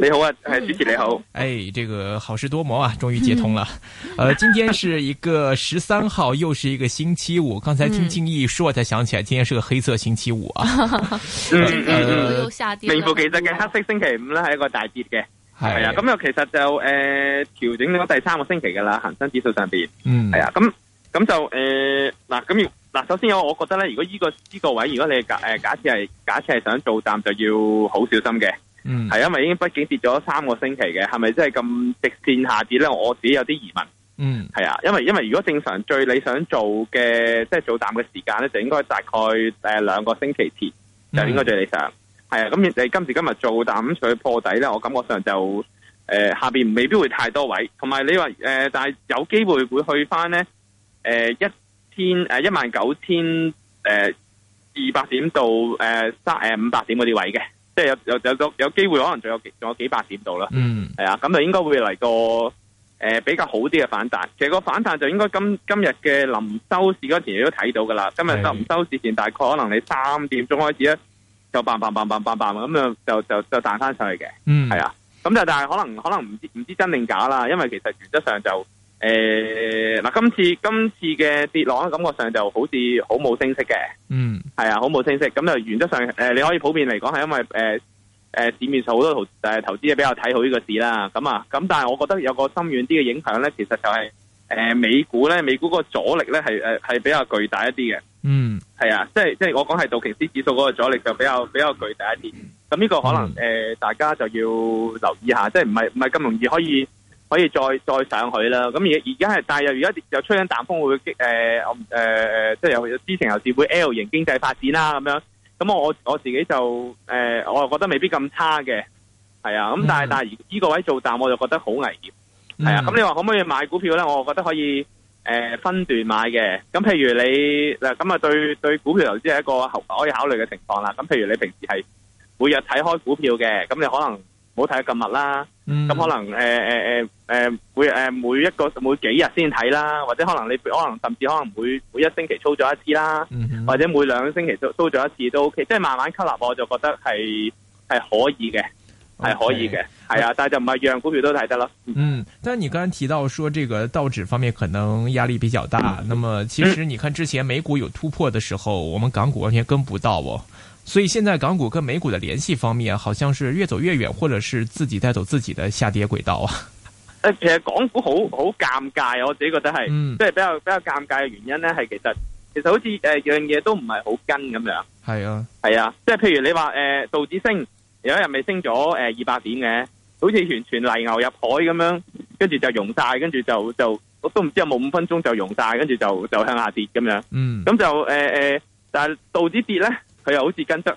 你好啊，係主持你好。誒、哎，這個好事多磨啊，終於接通了。誒、嗯呃，今天是一個十三號， 又是一個星期五。剛才聽金逸說，才想起來，今天是個黑色星期五啊。名副其實嘅黑色星期五咧，係一個大跌嘅。係、哎、啊，咁、嗯、又其實就誒調、呃、整咗第三個星期噶啦，恒生指數上邊。嗯。係啊，咁咁就誒嗱咁要嗱，首先我覺得咧，如果依、這個依、這個位，如果你假誒假設係假設係想做淡，就要好小心嘅。嗯，係因為已經畢竟跌咗三個星期嘅，係咪真係咁直線下跌咧？我自己有啲疑問。嗯，係啊，因為因為如果正常最理想做嘅，即係做淡嘅時間咧，就應該大概誒兩個星期前就應該最理想。係、嗯、啊，咁你今時今日做淡，咁除咗破底咧，我感覺上就誒、呃、下邊未必會太多位。同埋你話誒、呃，但係有機會會去翻咧誒一天誒、呃、一萬九千誒、呃、二百點到誒、呃、三誒、呃、五百點嗰啲位嘅。即係有有有有機會，可能仲有仲有幾百點到啦。嗯，係啊，咁就應該會嚟個、呃、比較好啲嘅反彈。其實個反彈就應該今今日嘅臨收市嗰陣時你都睇到噶啦。今日臨收市前大概可能你三點鐘開始咧就 bang bang bang bang bang bang 咁啊就就就彈翻上去嘅。嗯，係啊。咁就但係可能可能唔知唔知真定假啦，因為其實原則上就。誒，嗱，今次今次嘅跌落，感覺上就好似好冇聲息嘅，嗯，係啊，好冇聲息，咁就原則上，誒、呃，你可以普遍嚟講，係因為，誒、呃，誒、呃，市面上好多投誒、呃、投資者比較睇好呢個市啦，咁啊，咁但係我覺得有個深遠啲嘅影響咧，其實就係、是，誒、呃，美股咧，美股個阻力咧係誒係比較巨大一啲嘅，嗯，係啊，即係即係我講係道瓊斯指數嗰個阻力就比較比較巨大一啲，咁、嗯、呢個可能誒、嗯呃、大家就要留意下，即係唔係唔係咁容易可以。可以再再上去啦，咁而而家係但係又而家又吹緊淡風會激誒誒誒，即、呃、係、呃、有知情又是會 L 型經濟發展啦咁樣，咁我我自己就誒、呃，我又覺得未必咁差嘅，係啊，咁但係、嗯、但係呢個位做淡我就覺得好危險，係啊，咁、嗯嗯、你話可唔可以買股票咧？我覺得可以誒、呃，分段買嘅，咁譬如你嗱，咁啊對對股票投資係一個可可以考慮嘅情況啦。咁譬如你平時係每日睇開股票嘅，咁你可能。唔好睇咁密啦，咁、嗯、可能誒誒誒誒會誒每一個每幾日先睇啦，或者可能你可能甚至可能每每一星期操作一次啦、嗯，或者每兩星期都操作一次都 OK，即係慢慢吸納，我就覺得係係可以嘅。係可以嘅，係、okay，啊，但係就唔係樣股票都睇得咯。嗯，但係你剛才提到說，這個道指方面可能壓力比較大。嗯、那麼其實，你看之前美股有突破的時候，嗯、我們港股完全跟不到哦。所以現在港股跟美股的聯繫方面，好像是越走越遠，或者是自己帶走自己的下跌軌道啊。誒，其實港股好好尷尬，我自己覺得係，即、嗯、係、就是、比較比較尷尬嘅原因咧，係其實其實好似誒、呃、樣嘢都唔係好跟咁樣。係、嗯、啊，係啊，即係譬如你話誒道指升。呃有一日咪升咗誒二百點嘅，好似完全泥牛入海咁樣，跟住就融晒，跟住就就我都唔知有冇五分鐘就融晒，跟住就就向下跌咁樣。嗯，咁就誒誒、呃呃，但係道指跌咧，佢又好似跟得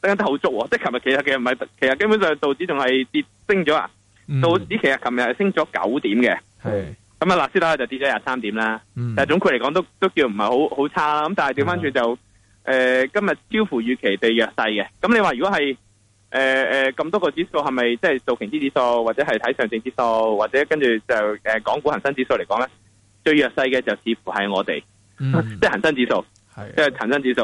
跟得好足、哦，即係琴日其實其實唔係，其實基本上道指仲係跌升咗啊、嗯。道指其實琴日係升咗九點嘅，係咁啊，納斯達克就跌咗廿三點啦、嗯。但係總括嚟講都都叫唔係好好差啦。咁但係調翻轉就誒、呃、今日超乎預期地弱勢嘅。咁你話如果係？誒、呃、誒，咁、呃、多個指數係咪即係做恒啲指數，或者係睇上證指數，或者跟住就誒港股恒生指數嚟講咧，最弱勢嘅就似乎係我哋，即係恒生指數，即係恒生指數。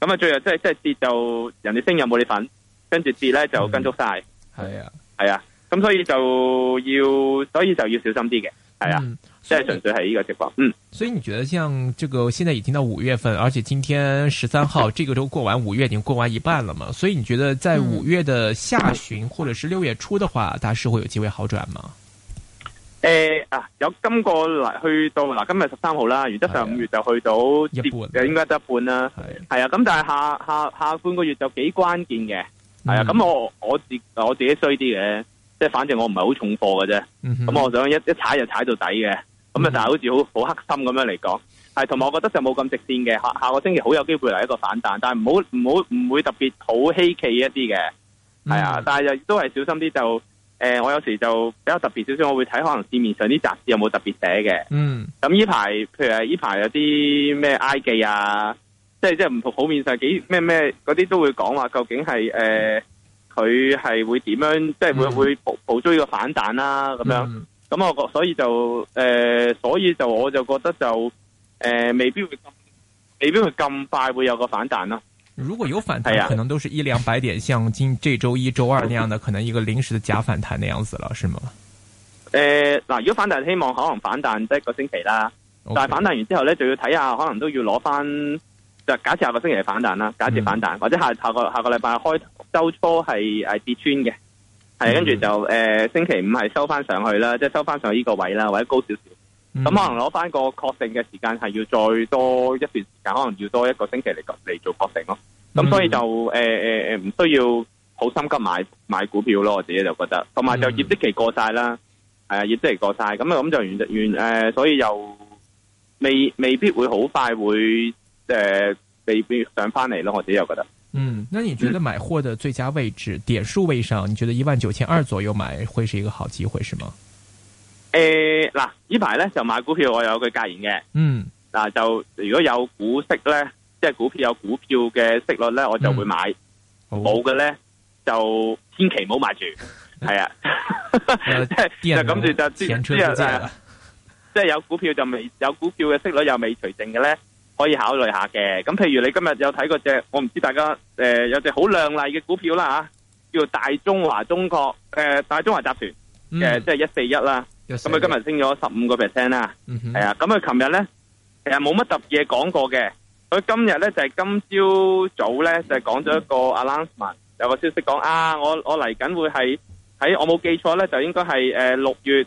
咁啊、嗯，最弱即係即係跌就人哋升，有冇你份？跟住跌咧就跟足晒。係啊，係啊，咁、啊、所以就要，所以就要小心啲嘅，係啊。嗯即係純粹係呢個情況。嗯，所以你覺得像這個現在已經到五月份，而且今天十三號，這個周過完，五月已經過完一半了嘛？所以你覺得在五月的下旬，或者是六月初的話，大市會有機會好轉嗎？誒、嗯呃，啊，有今個嚟，去到嗱，今日十三號啦，原則上五月就去到一半，啊，應該得一半啦。係啊，咁、啊啊、但係下下下半個月就幾關鍵嘅。係、嗯、啊，咁我我，我自我自己衰啲嘅，即係反正我唔係好重貨嘅啫。咁、嗯、我想一一踩就踩到底嘅。咁、嗯、啊，但係好似好好黑心咁樣嚟講，係同埋我覺得就冇咁直線嘅，下下個星期好有機會嚟一個反彈，但係唔好唔好唔會特別好稀奇一啲嘅，係啊，嗯、但係就都係小心啲就，誒、呃，我有時就比較特別少少，我會睇可能市面上啲雜誌有冇特別寫嘅，嗯，咁呢排，譬如呢排有啲咩 IG 啊，即係即係唔同好面上幾咩咩嗰啲都會講話，究竟係誒佢係會點樣，即、就、係、是、會、嗯、會捕捕追個反彈啦、啊，咁樣。嗯咁我所以就誒、呃，所以就我就覺得就誒、呃，未必會未必會咁快會有個反彈啦、啊。如果有反彈、啊，可能都是一兩百點，像今這周一周二那樣的，可能一個臨時的假反彈那樣子了，是嗎？誒，嗱，如果反彈，希望可能反彈就一個星期啦。Okay. 但係反彈完之後呢，就要睇下，可能都要攞翻就假設下個星期係反彈啦，假設反彈、嗯、或者下下個下個禮拜開周初係誒跌穿嘅。係跟住就誒、呃，星期五係收翻上去啦，即、就、係、是、收翻上去呢個位置啦，或者高少少。咁、嗯、可能攞翻個確定嘅時間係要再多一段時間，可能要多一個星期嚟嚟做確定咯。咁、嗯、所以就誒誒誒，唔、呃呃、需要好心急買買股票咯。我自己就覺得，同埋就業績期過晒啦，誒、嗯呃，業績期過晒咁啊，咁就完完誒、呃，所以又未未必會好快會誒、呃，未必上翻嚟咯。我自己又覺得。嗯，那你覺得買貨的最佳位置，嗯、點數位上，你覺得一萬九千二左右買會是一個好機會，是嗎？誒、呃，嗱，呢排咧就買股票，我有一句格言嘅，嗯，嗱就如果有股息咧，即係股票有股票嘅息率咧，我就會買，冇嘅咧就千祈唔好買住，係 是啊，即 係電路 就咁住就啊，即係有股票就未有股票嘅息率又未除淨嘅咧。可以考慮下嘅，咁譬如你今日有睇嗰隻，我唔知大家誒有隻好靚麗嘅股票啦嚇，叫大中華中國誒大中華集團誒，即係一四一啦，咁佢今日升咗十五個 percent 啦。係啊，咁佢琴日咧其實冇乜特別嘢講過嘅，佢今日咧就係今朝早咧就係講咗一個 announcement，有個消息講啊，我我嚟緊會係喺我冇記錯咧，就應該係誒六月。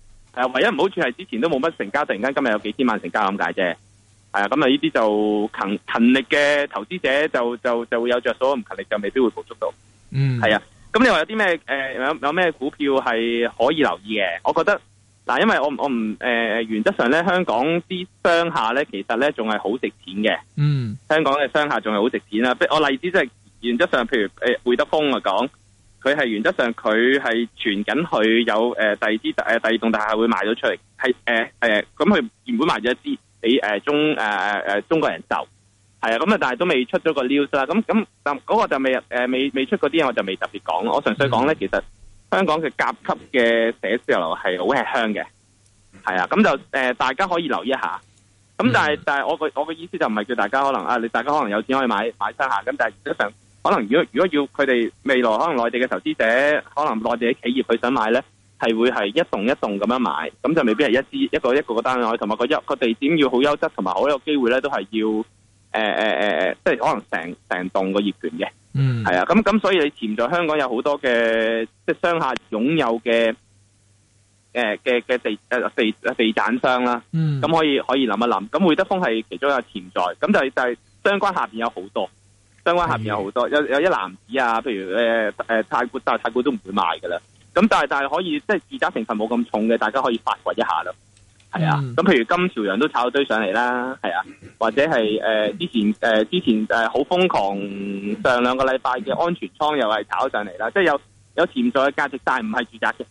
唯一唔好處係之前都冇乜成交，突然間今日有幾千萬成交咁解啫。係啊，咁啊呢啲就勤勤力嘅投資者就就就會有着數，唔勤力就未必會捕捉到。嗯，係啊。咁你話有啲咩誒有咩股票係可以留意嘅？我覺得嗱、啊，因為我我唔誒、呃、原則上咧，香港啲商廈咧其實咧仲係好值錢嘅。嗯，香港嘅商廈仲係好值錢啦。我例子即、就、係、是、原則上，譬如誒會德豐啊講。呃佢係原則上它是傳它有，佢係傳緊佢有誒第二支大、呃、第二棟大廈會賣咗出嚟，係誒誒咁佢原本賣咗一啲俾誒中誒誒誒中國人就係啊，咁啊，但係都未出咗個 news 啦。咁咁嗱嗰個就未誒、呃、未未出嗰啲嘢我就未特別講。我純粹講咧，其實香港嘅甲級嘅寫字樓係好吃香嘅，係啊。咁就誒、呃、大家可以留意一下。咁但係、嗯、但係我個我個意思就唔係叫大家可能啊，你大家可能有錢可以買買得下。咁但係原則上。可能如果如果要佢哋未來可能內地嘅投資者，可能內地嘅企業佢想買咧，係會係一棟一棟咁樣買，咁就未必係一支一個一個一個單位，同埋個優個地點要好優質，同埋好有機會咧，都係要誒誒誒誒，即、呃、係、呃、可能成成棟個業權嘅，嗯，係啊，咁咁所以你潛在香港有好多嘅即係商廈擁有嘅誒嘅嘅地誒地地產商啦，咁、嗯、可以可以諗一諗，咁會德豐係其中一個潛在，咁就是、就係相關下邊有好多。相關行業有好多，有有一男子啊，譬如誒誒、呃呃、太古，但係太古都唔會賣噶啦。咁但係但係可以，即係住宅成分冇咁重嘅，大家可以發掘一下咯。係啊，咁、嗯、譬如金朝陽都炒咗堆上嚟啦，係啊，或者係誒、呃、之前誒、呃、之前誒好瘋狂上兩個禮拜嘅安全倉又係炒咗上嚟啦，即係有有潛在價值，但係唔係住宅嘅，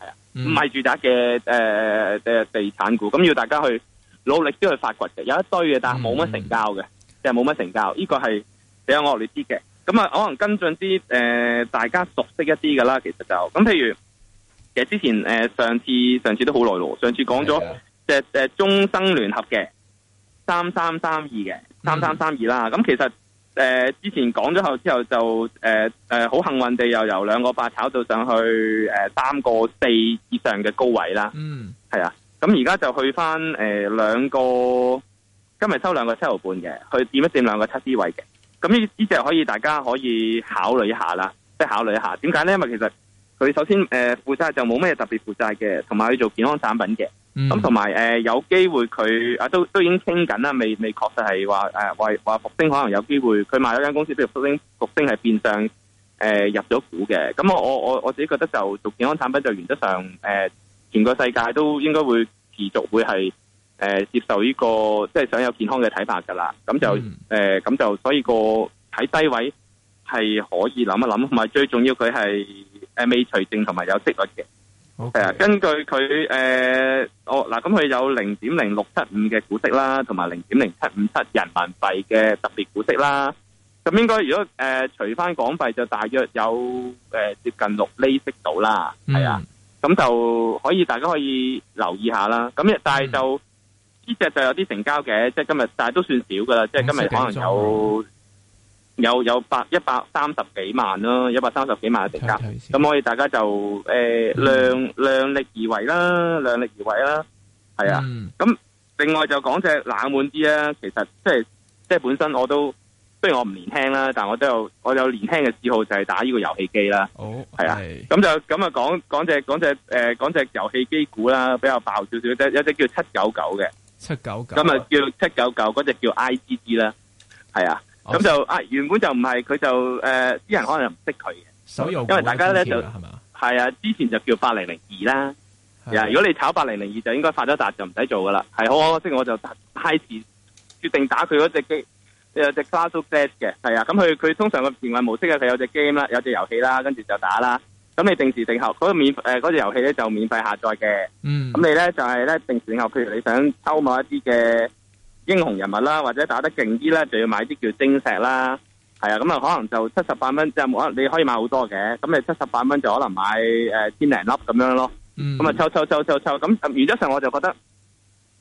係啊，唔、嗯、係住宅嘅誒誒地產股，咁要大家去努力都要發掘嘅，有一堆嘅，但係冇乜成交嘅，即係冇乜成交，呢、這個係比較惡劣啲嘅，咁、嗯、啊，可能跟進啲誒，大家熟悉一啲嘅啦。其實就咁，譬如其實之前誒、呃，上次上次都好耐咯。上次講咗誒，中生聯合嘅三三三二嘅三三三二啦。咁、嗯嗯、其實誒、呃、之前講咗後之後就誒誒好幸運地又由兩個八炒到上去誒、呃、三個四以上嘅高位啦。嗯，係啊。咁而家就去返誒兩個今日收兩個七毫半嘅，去點一點兩個七支位嘅。咁呢呢隻可以大家可以考慮一下啦，即係考慮一下點解咧？因為其實佢首先誒負、呃、債就冇咩特別負債嘅，同埋佢做健康產品嘅。咁同埋誒有機、呃、會佢啊都都已經傾緊啦，未未確實係話誒話話復星可能有機會佢賣咗間公司譬如復星，復星係變相誒、呃、入咗股嘅。咁我我我我自己覺得就做健康產品就原則上誒、呃，全個世界都應該會持續會係。誒、呃，接受呢、這個即係想有健康嘅睇法噶啦，咁就誒，咁、嗯呃、就所以、那個喺低位係可以諗一諗，同埋最重要佢係誒未除淨同埋有息率嘅係啊。根據佢誒，哦嗱咁佢有零點零六七五嘅股息啦，同埋零點零七五七人民幣嘅特別股息啦。咁應該如果誒、呃、除翻港幣就大約有誒、呃、接近六厘息到啦，係、嗯、啊，咁就可以大家可以留意一下啦。咁但係就，嗯呢隻就有啲成交嘅，即係今日，但係都算少噶啦。即係今日可能有、嗯、有有百一百三十幾萬啦，一百三十幾萬嘅成交。咁我哋大家就誒、呃、量量力而為啦，量力而為啦。係啊，咁、嗯、另外就講隻冷門啲啦。其實即係即係本身我都，雖然我唔年輕啦，但係我都有我有年輕嘅嗜好，就係打呢個遊戲機啦。哦係啊，咁就咁啊，講講隻講隻誒講隻遊戲機股啦，比較爆少少，即一隻叫七九九嘅。七九九，咁啊，叫七九九嗰隻叫 I G G 啦，係啊，咁就啊原本就唔係佢就誒啲、呃、人可能唔識佢，所以因為大家咧就係啊，之前就叫八零零二啦，係啊，啊，如果你炒八零零二就應該發咗達就唔使做噶啦，係好、啊，可惜，我就 hi 字決定打佢嗰隻機，有隻 Clash of Gods 嘅，係啊，咁佢佢通常個營運模式啊，佢有隻 game 啦，有隻遊戲啦，跟住就打啦。咁你定時定候嗰，那個免，誒嗰隻遊戲咧就免費下載嘅，咁、嗯、你咧就係、是、咧定時定候，譬如你想抽某一啲嘅英雄人物啦，或者打得勁啲咧，就要買啲叫晶石啦，係啊，咁啊可能就七十八蚊，即係冇你可以買好多嘅，咁你七十八蚊就可能買誒千零粒咁樣咯，咁啊抽抽抽抽抽，咁原則上我就覺得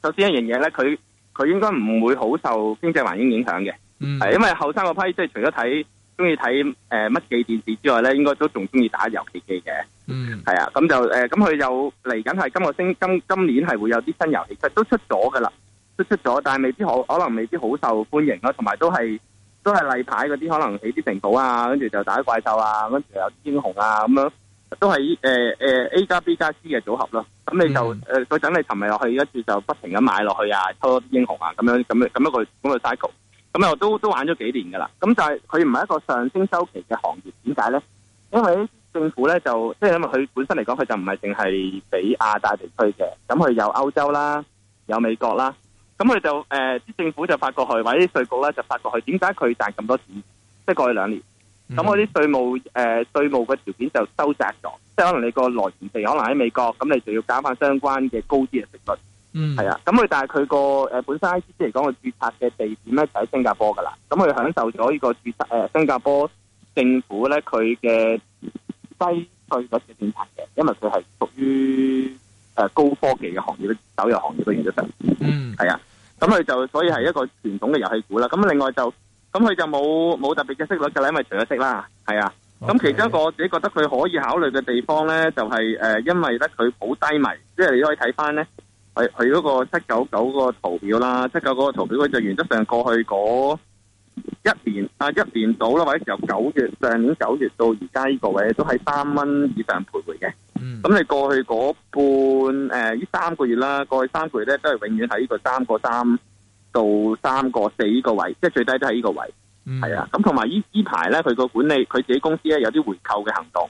首先一樣嘢咧，佢佢應該唔會好受經濟環境影響嘅，係、嗯、因為後生嗰批即係除咗睇。中意睇誒乜嘢電視之外咧，應該都仲中意打遊戲機嘅。嗯，係啊，咁就誒，咁佢又嚟緊係今個星今今年係會有啲新遊戲，其實都出咗，都出咗噶啦，都出咗，但係未必可可能未必好受歡迎咯啊。同埋都係都係例牌嗰啲，可能起啲城堡啊，跟住就打怪獸啊，跟住有啲英雄啊咁樣，都係誒誒 A 加 B 加 C 嘅組合咯。咁你就誒佢等你沉迷落去跟住就不停咁買落去啊，抽英雄啊，咁樣咁咁一個咁嘅 cycle。咁我都都玩咗幾年噶啦。咁就係佢唔係一個上升周期嘅行業，點解呢？因為政府呢，就即係因為佢本身嚟講，佢就唔係淨係俾亞大地區嘅。咁佢有歐洲啦，有美國啦。咁佢就誒啲、呃、政府就發過去，或者啲稅局呢就發過去，點解佢賺咁多錢？即、就、係、是、過去兩年，咁我啲稅務稅務嘅、呃、條件就收窄咗。即係可能你個來源地可能喺美國，咁你就要加翻相關嘅高啲嘅稅率。嗯，係啊，咁佢但係佢個誒本身 I C C 嚟講，佢註冊嘅地點咧就喺新加坡噶啦。咁、嗯、佢享受咗呢個註冊誒新加坡政府咧佢嘅低稅率嘅政策嘅，因為佢係屬於誒高科技嘅行業，手遊行業都算得上。嗯，係啊，咁佢就所以係一個傳統嘅遊戲股啦。咁另外就咁佢就冇冇特別嘅息率噶啦，因為除咗息啦，係啊。咁、Okay. 其中一個自己覺得佢可以考慮嘅地方咧，就係、是、誒、呃，因為咧佢好低迷，即、就、係、是、你可以睇翻咧。係係嗰個七九九個圖表啦，七九九個圖表佢就原則上過去嗰一年啊一年到啦，或者由九月上年九月到而家呢個位都喺三蚊以上徘徊嘅。咁、嗯、你過去嗰半誒呢、呃、三個月啦，過去三個月咧都係永遠喺呢個三個三到三個四呢個位，即係最低都喺呢個位。係、嗯、啊，咁同埋呢呢排咧，佢個管理佢自己公司咧有啲回購嘅行動。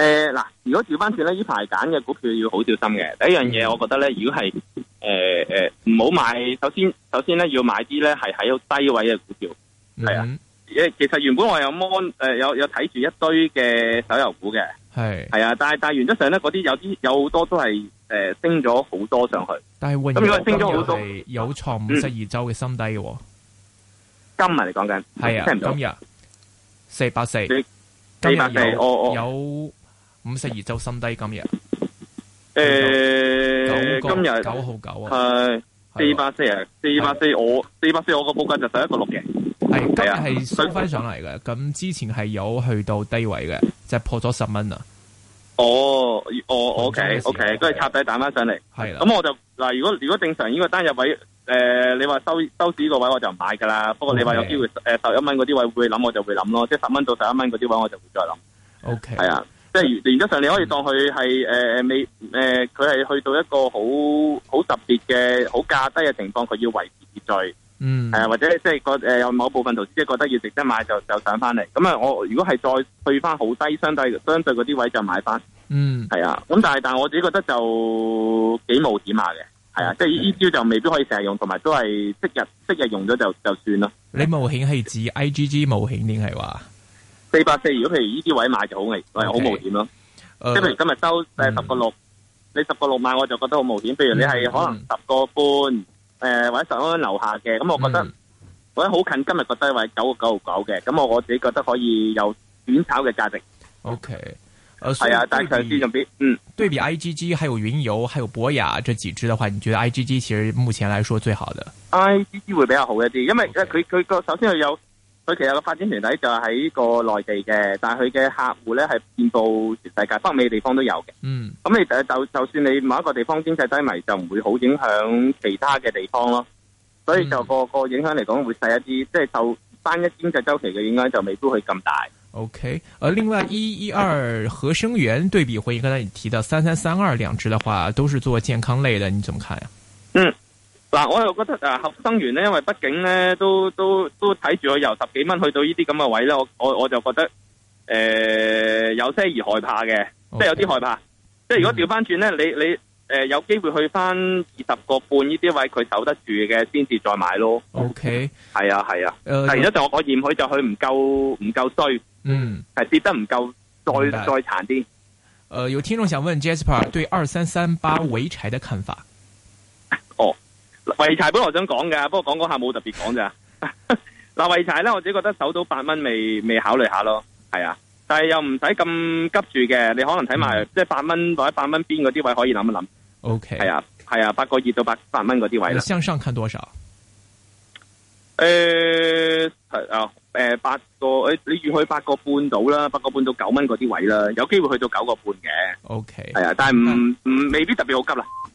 誒、呃、嗱，如果調翻轉咧，呢排揀嘅股票要好小心嘅。第一樣嘢，我覺得咧，如果係誒誒唔好買，首先首先咧要買啲咧係喺低位嘅股票。係、嗯、啊，其實原本我有 mon 誒有有睇住一堆嘅手遊股嘅，係係啊，但係但係原則上咧，嗰啲有啲有好多都係誒、呃、升咗好多上去。但係今日升咗好多有創五十二周嘅新低嘅。今日嚟講緊係啊，嗯、今日四百四，四百四，484, 484, 有。我我五十二周新低今日，誒、欸，今日九號九啊，係四百四啊，四百四我四百四我個報價就十一個六嘅，係、啊啊、今日係收翻上嚟嘅，咁之前係有去到低位嘅，就是、破咗十蚊啊，哦，哦，OK OK，都係、okay，插底彈翻上嚟，係、啊，咁我就嗱、啊、如果如果正常呢個單日位，誒、呃，你話收收市嗰位我就唔買噶啦，okay，不過你話有機會誒十一蚊啲位會諗我就會諗咯，即係十蚊到十一蚊啲位我就會再諗，OK，係啊。即係原則上你可以當佢係誒未誒，佢、嗯、係、呃、去到一個好好特別嘅好價低嘅情況，佢要維持住。嗯，係啊，或者即係個誒有某部分投資者覺得要值得買就，就就上翻嚟。咁啊，我如果係再去翻好低，相對相對嗰啲位就買翻。嗯，係啊。咁但係但係我自己覺得就幾冒險下嘅，係啊。嗯、即係呢招就未必可以成日用，同埋都係即日即日用咗就就算咯。你冒險係指 IGG 冒險定係話？四百四，如果譬如呢啲位買就好危，或者好冒險咯。譬如今日收誒十個六，你十個六買我就覺得好冒險。譬如你係可能十個半，誒、呃、或者十蚊樓下嘅，咁我覺得或者好近今日個低位九個九毫九嘅，咁我我自己覺得可以有短炒嘅價值。O K，係啊，比但概上邊上邊。嗯，對比 I G G，還有雲遊，還有博雅這幾支嘅話，你覺得 I G G 其實目前來說最好嘅？I G G 會比較好一啲，因為佢佢個首先佢有。佢其實個發展團體就喺個內地嘅，但係佢嘅客戶咧係遍布全世界，北美的地方都有嘅。嗯，咁你就就算你某一個地方經濟低迷，就唔會好影響其他嘅地方咯。所以就個個影響嚟講會細一啲，嗯，即係受單一經濟周期嘅影響就未必會咁大。OK，而另外一一二合生元對比回剛才你提到三三三二兩隻嘅話，都係做健康類嘅，你怎麼看呀？嗯。嗱，我又覺得啊，合生園咧，因為畢竟咧，都都都睇住我由十幾蚊去到呢啲咁嘅位咧，我我我就覺得誒、呃、有些而害怕嘅，okay. 即係有啲害怕。即、okay. 係如果調翻轉咧，你你誒、呃、有機會去翻二十個半呢啲位，佢守得住嘅，先至再買咯。OK，係啊，係啊，係而家就我嫌佢就佢唔夠唔夠衰，嗯，係跌得唔夠再再殘啲。誒、呃，有聽眾想問 Jasper 對二三三八濰柴嘅看法。濰柴本來我想講嘅，不過講嗰下冇特別講咋。嗱，濰柴咧，我自己覺得守到八蚊未未考慮下咯，係啊，但係又唔使咁急住嘅。你可能睇埋、嗯、即係八蚊或者八蚊邊嗰啲位可以諗一諗。O K，係啊，係啊，八個二到八八蚊嗰啲位啦。你向上看多少？誒、呃，啊、呃，誒、呃，八個誒，你預去八個個半到啦，八個半到九蚊嗰啲位啦，有機會去到九個半嘅。O K，係啊，但係唔唔未必特別好急啦。